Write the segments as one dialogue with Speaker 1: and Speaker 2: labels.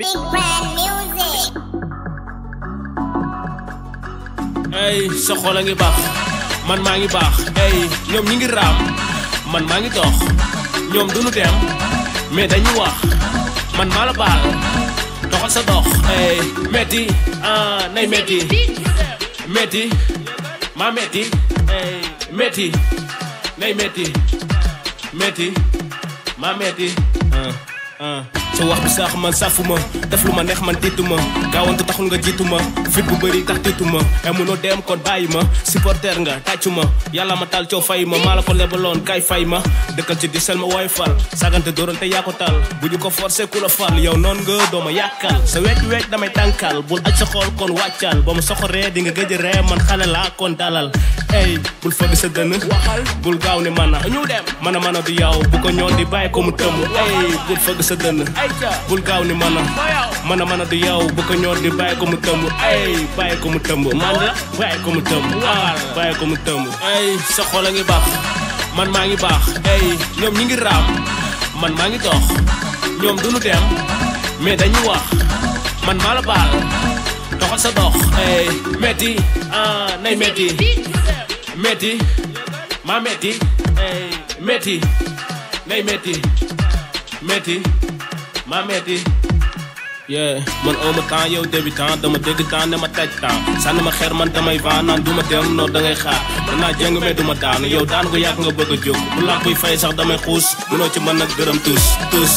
Speaker 1: Big brand music. Hey, so xol a ngi baax man maa ngi baax hey ñoom ñi ngi raam man maa ngi dox ñoom duñu dem mais dañuy wax man maa la baal doxal sa dox. hey metti ah nay metti metti ma metti hey metti nay metti metti maa metti uh. ah. ah. sa wax bi saax man safuma def lu ma neex man tiituma gaawante taxul nga jiituma fit bu bëri tax tiituma e munoo dem kon bàyyi ma supporter nga tàccu ma yàlla ma taal coow fay ma maa la ko lebaloon kay fay ma dëkkal ci di sel ma waay fal sagante dóorante yaa ko taal bu ñu ko forcé ku la yow noon nga doo ma yàkkal sa weej weej damay tànkal bul aj sa xool kon wàccal ba mu soxoree di nga gëj ree man xale laa kon dalal ey bul fëgg sa dënn waxal bul gaaw ne mana ñu dem mana mana du yaw bu ko ñoon di bàyyi ko mu tëmm ey bul fëgg sa dënn bul gaaw ne mana mana mana du yaw bu ko ñoon di bàyyi ko mu tëmm ey bàyyi ko mu tëmm man la bàyyi ko mu tëmm ah bàyyi ko mu tëmm ey sa xol a ngi baax man maa ngi baax ey ñoom ñi ngi raam man maa ngi dox ñoom duñu dem mais dañuy wax man maa la baal doxal sa dox ey metti ah nay metti Metti, my Metti, Metti, Mehdi, nay Metti, Mehdi, my Mehdi. Yeah, man oh oma taan yow débutant dama dégg taan ne ma taj taan sànni ma xeer man damay vaan naan du ma dem noo dangay xaar danaa jàng mais du ma daanu yow daan ko yàgg nga bëgg a jóg bu laa koy fay sax damay xuus munoo ci mën nag dërëm tus tus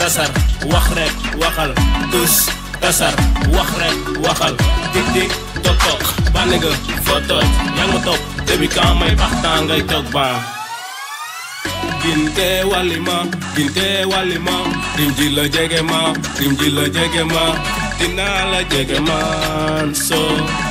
Speaker 1: dasar wax rek waxal tus dasar wax rek waxal tik tik tok tok ba nigga for tot yang mo tok debi ka may pahtang gay tok bang ginte walima ginte walima rim jila jege ma rim jila jege ma dinala jege man so